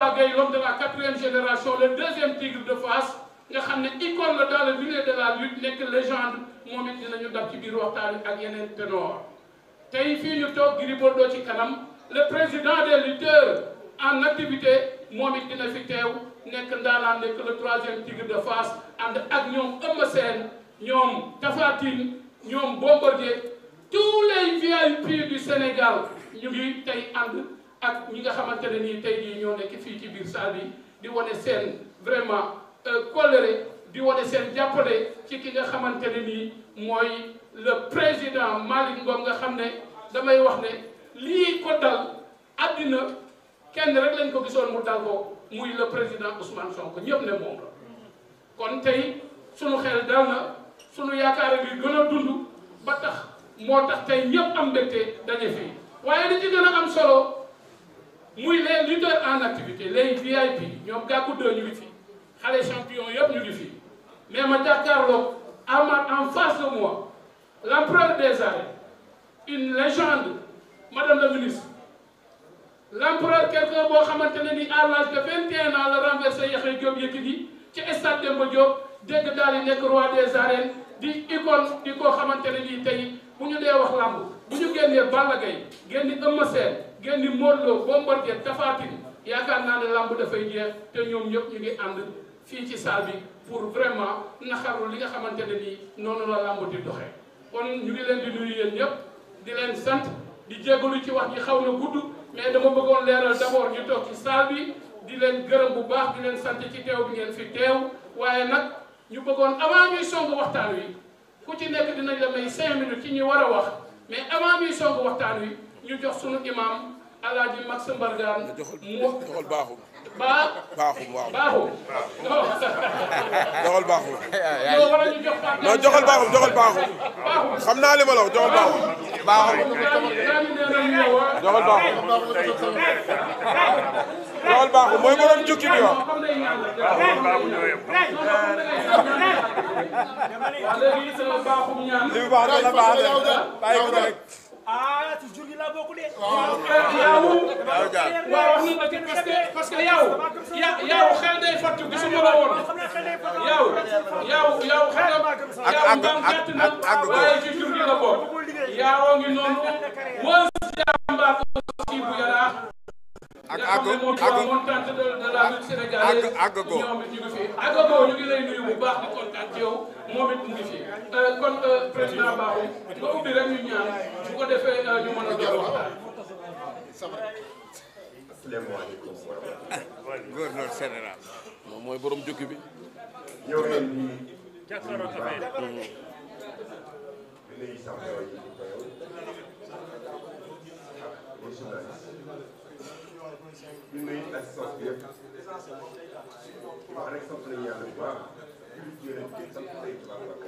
Gueye l'homme de la quatrième génération le deuxième tigre de Fass nga xam ne icône la dans le milieu de la lutte nekk légende moom it dinañu dab ci biir waxtaan ak yeneen ténor tey fii ñu toog Gris Bordeaux ci kanam le président de lutteurs en activité moom it dina fi teew nekk ndaanaan nekk le troisième tigre de Fass ànd ak ñoom Eumeu Sène ñoom Tapha Tine ñoom Bombardier tous les VIP du Sénégal ñu ngi tey ànd ak ñi nga xamante ne nii tey jii ñoo ki fii ci biir salle bi di wane seen vraiment euh, colère di wane seen jàppale ci ki nga xamante ne nii mooy le président Malick Ngom nga xam ne damay wax ne lii ko dal àddina kenn rek lañ ko gisoon mu dal ko muy le président Ousmane sonk ñëpp ne moom la kon tey suñu xel dal na sunu yaakaar bi gën a dund ba tax moo tax tey ñëpp am mbégte daje fii waaye li ci gën a am solo. muy les lutteurs en activité les VIP ñoom gàkku deux ñu ngi fi xale champion yëpp ñu ngi fi mais ma jàkkaarloog Amar en face de moi l'empereur des arènes une légende madame la ministre l'empereur quelqu'un boo xamante ne ni à l'âge de 21 ans la renversé Yaxya Diop Yékini ci stade Demba Diop dégg daal di nekk roi des arènes di icône di koo xamante ne ni tey. bu ñu dee wax làmb bu ñu génnee Balla Gaye génn Eumeu Sène génn Modou Lo Bombardier Tapha Tine yaakaar naa ne làmb dafay jeex te ñoom ñëpp ñu ngi ànd fii ci salle bi pour vraiment naxaru li nga xamante ne nii noonu la làmb di doxee kon ñu ngi leen di nuyu yéen ñëpp di leen sant di jégalu ci wax ji xaw na gudd mais dama bëggoon leeral d'abord ñu toog ci salle bi di leen gërëm bu baax di leen sant ci teew bi ngeen fi teew waaye nag ñu bëggoon avant ñuy song wi ku ci nekk dinañ la may cinq minutes ci ñi war a wax mais avant ñuy soog waxtaan wi ñu jox sunu imam alaaji Max Mbargane mu joxol baaxum baaxum waaw baaxum joxol baaxum jox non joxol baaxum joxol naa li ma la wax joxol baaxum baaxum joxol mooy borom jukki bi léegi sama baaxum ñaan. li mu baax dana baax de bàyyi ko rek. ah ci jur gi laa bokk de. waaw waaw parce que parce que yow. yow xel day fàttu gisuma la woon. yow yow yow xelam. ak ak ak ak ak waaye ci jur gi la bokk. yaa ngi noonu. àgg àgg àgg ko ñu ngi lay nuyu bu baax di kontaan ci yow moom it mu ngi fi euh, kon euh, président Bakhoum nga ubbi rek ñu ñaan bu ko defee euh, ñu mën a doon waxtaan. asalaamaaleykum wa rahmatulah. gouverneur général. moom mooy borom jukki bi. ñëw nañ ni. léegi sax ñu nuyu assistance bi yëpp wax rek sant nañu yàlla bu baax di leen di sant tey tubaab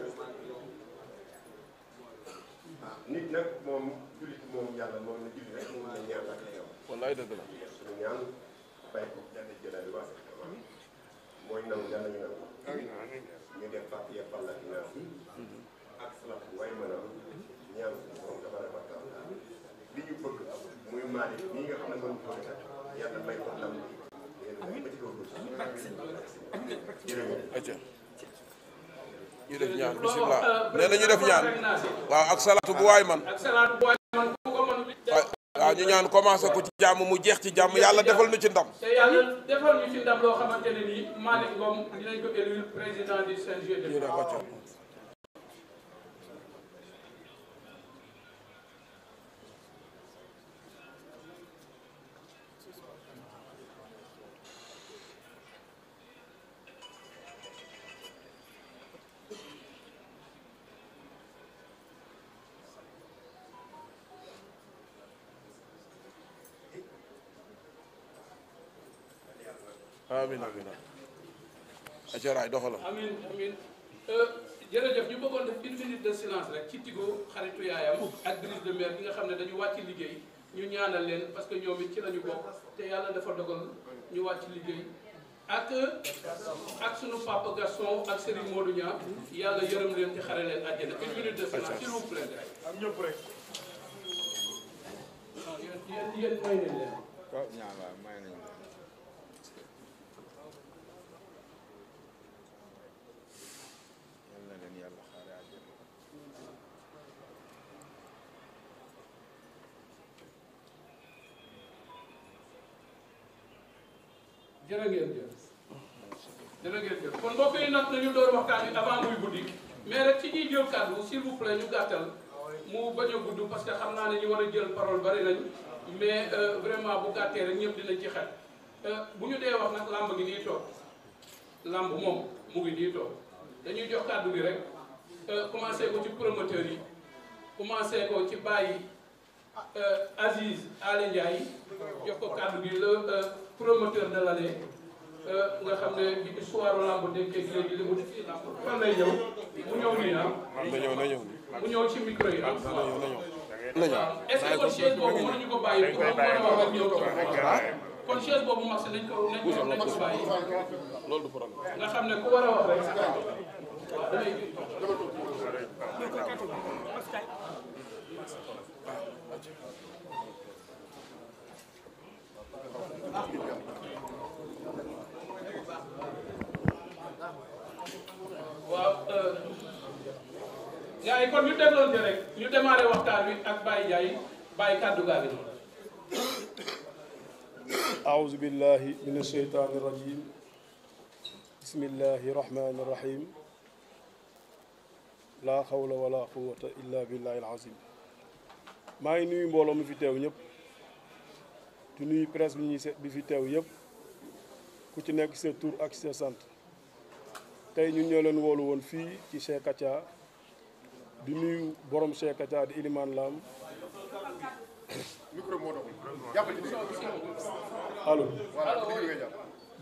nit nag moom jullit moom yàlla moom la julli rek moom la ñaan ak yow. wallaay dëgg la. suñu ñaan bàyyi ko jënd jëlaat bi wax mooy nangu yàlla ñu nangu. ñu def fàttali yàlla mhm. ak salaf waaye Malick nii nga xam ne moom ko ñu def ñaan bisimilah nee na ñaan waaw ak salaatu bu waay man waaw ñu ñaan commencé ku ci jàmm mu jeex ci jàmm yàlla defal ñu ci ndam. te yàlla defal ci ndam loo xamante ne nii Malick Ngom dinañ ko élu président du CNG. amiin amiin amiin. raay doxalam. amiin amiin euh, jërëjëf ñu bëggoon def une minute de silence rek ci Tigo xaritu yaayam ak Brise de Mer bi nga xam ne dañu wàcc liggéey ñu ñaanal leen parce que ñoom it ci lañu bokk te yàlla dafa dogal ñu wàcc liggéey. ak ak sunu papa Gaston ak Serigne Modou Niang yàlla yërëm leen ci xare leen àjjana une minute de silence s'il vous plaît. am ñëpp rek. yéen yéen may nañ leen. waaw ñaar waaw may nañ leen. jërë ngeen jëf jërë ngeen jëf kon mbokk yi nag nañu door waxtaan yi avant muy guddi mais rek ci ñuy jël kàddu s'il vous plaît ñu gàttal mu bañ gudd parce que xam naa ne ñu war a jël parole bari nañ mais euh, vraiment bu gàttee rek ñëpp dina ci euh, bu ñu dee wax nag làmb gi nii toog làmb moom mu ngi nii toog dañuy jox kàddu gi rek euh, commencé ko ci promoteur yi commencé ko ci bàyyi Aziz Aly Ndiaye jox ko kàddu gi la. promoteur de l'année euh, nga xam ne bi histoire lamb déggee ak léegi li mu def ci lamb fan lay ñëw mu ñëw nii ah. na ñëw na ñëw. mu ñëw ci micro yi ah. na ñëw na ñëw. na ñëw est-ce que kon chaise boobu mënuñu ko bàyyi pour mën a wax ak yow kon chaise boobu marché nañ ko nañ ko nañ ko bàyyi. loolu du problème. nga xam ne ku war a wax rek. waaw damay waaw gars euh, yi kon ñu dégloon te rek ñu démarré waxtaan wi ak Baye Ndiaye Baye kàddu gaa gi noonu أعوذ بالله من الشيطان الرجيم بسم الله الرحمن الرحيم لا حول ولا قوة إلا بالله العظيم maa ngi nuyu mbooloo mi fi teew ñëpp di nuyu presse bi ñuy seet bi fi teew yëpp ku ci nekk sa tur ak sa sant tey ñu ñoo woolu woon fii ci Cheikh Atia di nuyu borom Cheikh Atia di Ilimane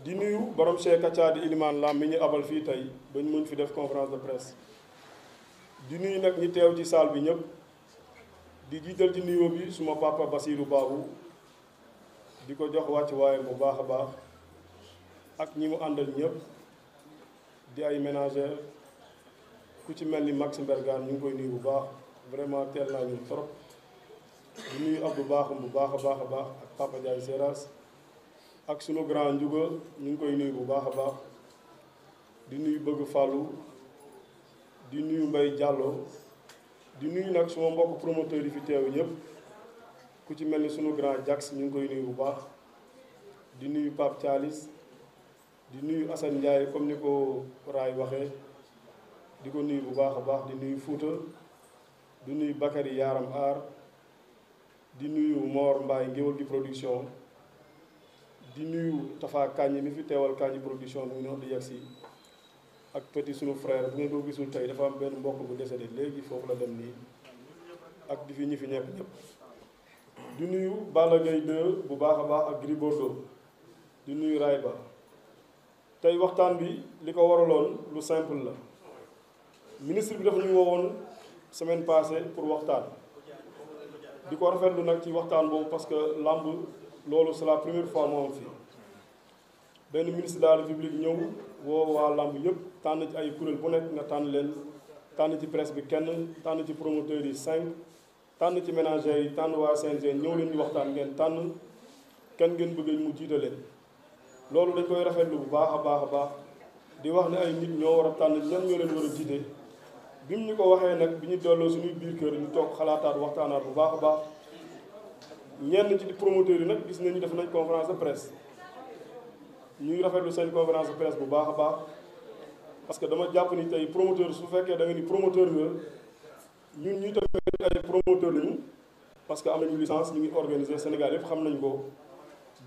di nuyu borom Cheikh Atia di Ilimane mi ñu abal fii tey bañ muñ fi def conférence de presse di nuyu nag ñi teew ci salle bi ñëpp di jiital ci nuyoo bi suma papa Basirou Babou di ko jox wàcc waayam bu baax a baax ak ñi mu àndal ñëpp di ay ménagère ku ci mel ni Max Mbergane ñu ngi koy nuyu bu baax vraiment teel naa ñu trop di nuyu Abdou Baaxum bu baax a baax a baax ak Papa Ndiaye Seras ak sunu grand Ndiouga ñu ngi koy nuyu bu baax a baax di nuyu Bëgg Fallou di nuyu Mbaye Diallo di nuyu nag suma mbokk promoteur yi fi teew ñëpp ku ci mel ni sunu grand Jax ñu ngi koy nuyu bu baax di nuyu Pape Thialis di nuyu Assane Ndiaye comme ni ko Raay waxee di ko nuyu bu baax a baax di nuyu Fouta di nuyu Bakary Yaram Aar di nuyu Mor Mbaye Ngéwal di production di nuyu Tafa Kañ mi fi teewal Kañ production bi ñu di yegg ak petit sunu frère bu ngeen ko gisul tey dafa am benn mbokk bu décédé léegi foofu la dem nii ak di fi ñi fi ñëpp ñëpp. di nuyu Balla Gaye 2 bu baax a baax ak Gris Bordeaux di nuyu Raye Ba tey waxtaan bi li ko waraloon lu simple la ministre bi dafa ñu woowoon semaine passée pour waxtaan di ko rafetlu nag ci waxtaan boobu parce que làmb loolu c'est la première fois moo am fii benn ministre la république ñëw woo waa làmb yëpp tànn ci ay kuréel bu nga tànn leen tànn ci presse bi kenn tànn ci promoteurs yi cinq tànn ci ménagères yi tànn waa CNG ñëw leen ñu waxtaan ngeen tànn kenn ngeen bëgg mu jiitale loolu dañ koy rafetlu bu baax a baax a baax di wax ne ay nit ñoo war a tànn ñan ñoo leen war a jiite bi mu ñu ko waxee nag bi ñu delloo suñuy biir kër ñu toog xalaataat waxtaanaat bu baax a baax ñenn ci promoteurs yi nag gis nañu def nañ conférence de presse ñuy rafetlu seen conférence de presse bu baax a baax parce que dama jàpp ni tey promoteur su fekkee da ni promoteur nga promoteur lañu parce que am nañu licence ñu ngi organiser Sénégal yëpp xam nañ ko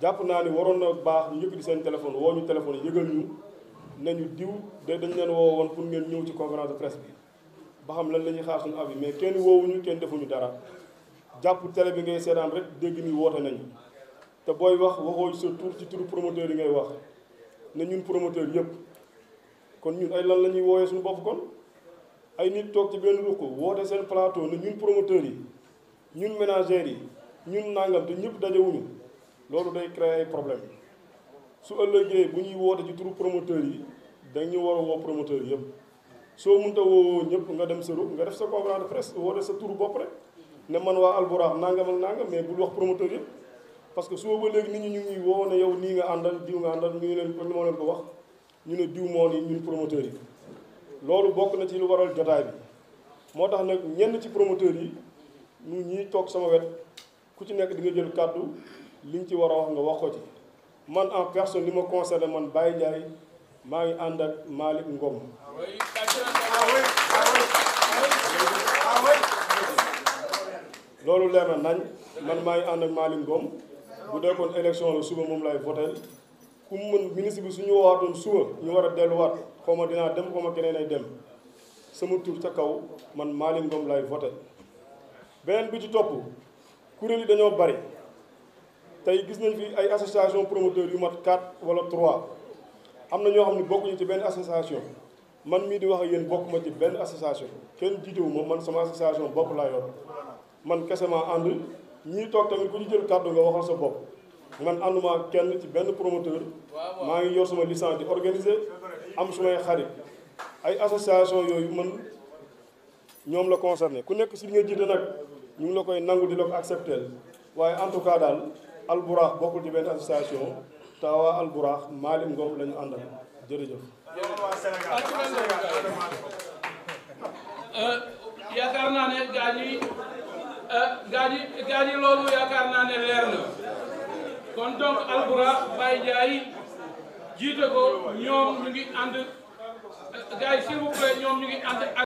jàpp naa ni waroon na baax ñu di seen téléphone woo ñu téléphone yëgal ñu ne nañu diw de dañ leen woo woon pour ngeen ñëw ci conférence de presse xam lan la ñuy xaar suñu avis mais kenn woowuñu kenn defuñu dara jàpp télé bi ngay seetaan rek dégg ni woote nañu te booy wax waxoo sa tur ci turu promoteur yi ngay wax ne ñun promoteur yëpp kon ñun ay lan la ñuy wooyee suñu bopp kon ay nit toog ci benn ruq woote seen plateau ne ñun promoteurs yi ñun ménagères yi ñun nangam te ñëpp dajewuñu loolu day créer ay problème su ëllëgee bu ñuy woote ci turu promoteurs yi dañu war a woo promoteurs yëpp soo mënta woo ñëpp nga dem sa ruq nga def sa conférence de presse woote sa turu bopp rek ne man waa Alburaax nangam ak nangam mais bul wax promoteurs yëpp parce que soo ba léegi nit ñu ngi woo ne yow nii nga àndal diw nga àndal ñu leen moo leen ko wax ñu ne diw moo ni ñun yi loolu bokk na ci lu waral jotaay bi moo tax nag ñenn ci promoteur yi ñu ñuy toog sama wet ku ci nekk di nga jël kàddu liñ ci war a wax nga wax ko ci man en personne li ma concerné man bàyyi Ndiaye maa ngi ànd ak Malick Ngom loolu leer na nañ man maa ngi ànd ak Malick Ngom bu dee kon élection la suba moom lay votel ku mu mën ministre bi suñu waxaatoon suba ñu war a delluwaat xaw ma dinaa dem xaw ma keneen ay dem sama tur ca kaw man Malick Ngom lay voté beneen bi ci topp kuréel yi dañoo bari tey gis nañ fi ay association promoteur yu mat 4 wala 3 am na ñoo xam ne bokkuñu ci benn association man mii di wax ak yéen bokk ci benn association kenn jiitewu ma man sama association bopp laa yor man kese maa ànd ñii toog tamit ku ñu jël kàddu nga waxal sa bopp man ànduma ak kenn ci benn promoteur maa ngi yor sama licence di organise am sumay xarit ay association yooyu man ñoom la concerné ku nekk si li nga jiite nag ñu ngi la koy nangu di la ko accepté waaye en tout cas daal alburax bokkul ci benn association taawaa alburax maalim ngom la ñu àndal jërëjëf. yaakaar naa ne gaañ yi eh, gaañ yi gaañ yi loolu yaakaar naa ne leer na. kon donc Albourakh Baye Ndiaye jiite ko ñoom ñu ngi ànd gars yi s'il vous ñoom ñu ngi ak.